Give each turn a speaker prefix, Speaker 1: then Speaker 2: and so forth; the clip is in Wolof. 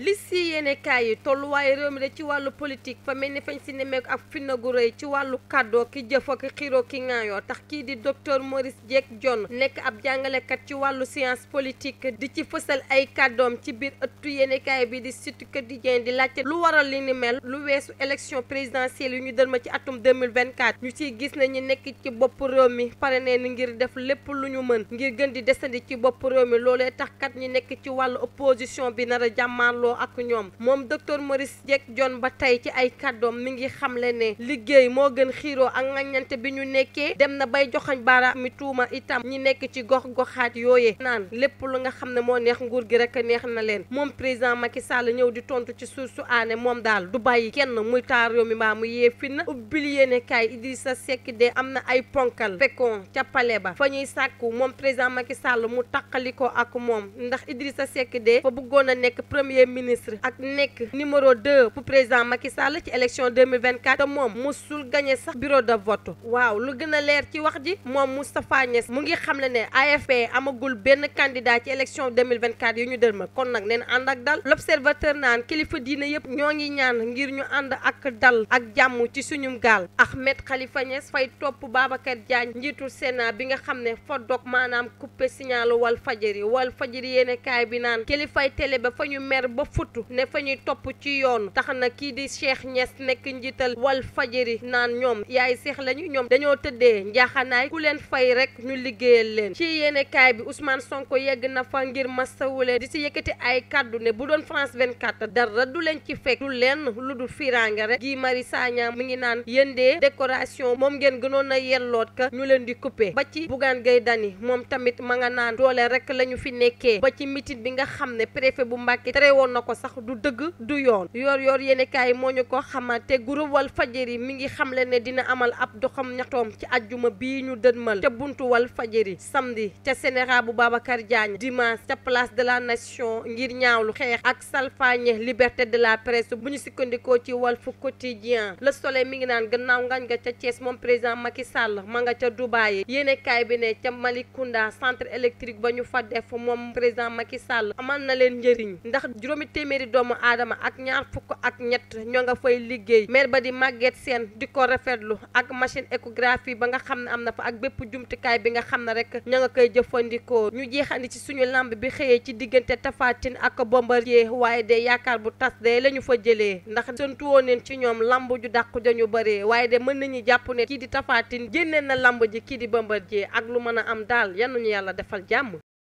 Speaker 1: li si yéene yi tolluwaayu réew mi de ci wàllu politique fa mel ni fañ si nemmeeku ak finna rëy ci wàllu kàddoo ki jëf ak xiroo ki ŋaayoo tax kii di docteur Maurice Diek John nekk ab jàngalekat ci wàllu science politique di ci fësal ay kàddoom ci biir ëttu yéene kaay bi di Sud Quotidien di laajte lu waral li ni mel lu weesu élection présidentielle yu ñu dël ma ci atum 2024 ñu ci gis nañu nekk ci bopp réew mi pare ne ni ngir def lépp lu ñu mën ngir gën di desandi ci bopp réew mi loolee tax kat nekk ci wàllu opposition bi nar a jàmmaarloo jàmmarloo ak ñoom moom docteur Maurice Dieng John ba tey ci ay kàddoom mi ngi xamle ne liggéey moo gën xiiroo ak ŋàññante bi ñu nekkee dem na bay joxañ baara mi tuuma itam ñi nekk ci gox goxaat yooye naan lépp lu nga xam ne moo neex nguur gi rek neex na leen moom président Macky Sall ñëw di tontu ci suuf su aane moom daal du bàyyi kenn muy taar réew mi mbaa mu yee fi na ubbil yéene kaay sa Seck de am na ay ponkal fekkoon ca pale ba fa ñuy sàkku moom président Macky Sall mu taqali ko ak moom ndax ministre ak nekk numéro 2 pour président Macky Sall ci élection 2024 te moom musul gagné sax bureau de vote waaw lu gën a leer ci wax ji moom Moustapha Niass mu ngi xamle ne AFP amagul benn candidat ci élection yu ñu dërma kon nag neen ànd ak dal l'observateur naan yëpp ñoo ngi ñaan ngir ñu ànd ak dal ak jàmm ci suñu gaal Ahmed Khalifa Niass fay topp Babacar Diagne njiitul Sénat bi nga xam ne fa dog maanaam coupé signal wal fajari wal fajari yéene bi naan kilifay télé ba fa ñu mer ba futt ne fa ñuy topp ci yoon tax na kii di Cheikh ñees nekk njiital wal fajari naan ñoom yaay seex lañu ñoom dañoo tëddee njaaxanaay ku leen fay rek ñu liggéeyal leen ci yéene kaay bi Ousmane Sonko yegg na fa ngir masawule di si yëkkati ay kàddu ne bu doon France 24 dara du leen ci fekk du leen lu du firange rek gi Mari Sagna mi ngi naan yendee de moom ngeen gënoon a yelloot ka ñu leen di couper ba ci Bougane Gueye Dany moom tamit ma nga naan rek la ñu fi nekkee ba ci mitin bi nga xam ne waxoon na ko sax du dëgg du yoon yoor yoor yéene kaay moo ñu ko xamante groupe wal fajiri mi ngi xamle ne dina amal ab doxam ñaxtoom ci ajjuma bii ñu dënmal ca buntu wal fajiri samdi ca sénéral bu Babacar Diagne dimanche ca place de la nation ngir lu xeex ak salfaañe liberté de la presse bu ñu sukkandikoo ci Walf Quotidien Le Soleil mi ngi naan gannaaw ngañ nga ca Thiès moom président Macky Sall ma nga ca Dubaay yéene kaay bi ne ca Malicounda centre électrique ba ñu fa def président Macky Sall amal na leen njëriñ juróomi téeméeri doomu aadama ak ñaar fukk ak ñett ñoo nga fay liggéey maire ba di Maguette seen di ko rafetlu ak machine échographie ba nga xam ne am na fa ak bépp jumtukaay bi nga xam ne rek ña nga koy jëfandikoo ñu jeexandi ci suñu làmb bi xëyee ci diggante Tapha Tine ak Bombardier waaye de yaakaar bu tas de la ñu fa jëlee ndax sentu woon neen ci ñoom làmb ju dàqu dañu bëree waaye de mën nañu jàpp ne kii di Tapha Tine na lamb ji kii di jee ak lu mën a am daal yal yàlla defal jàmm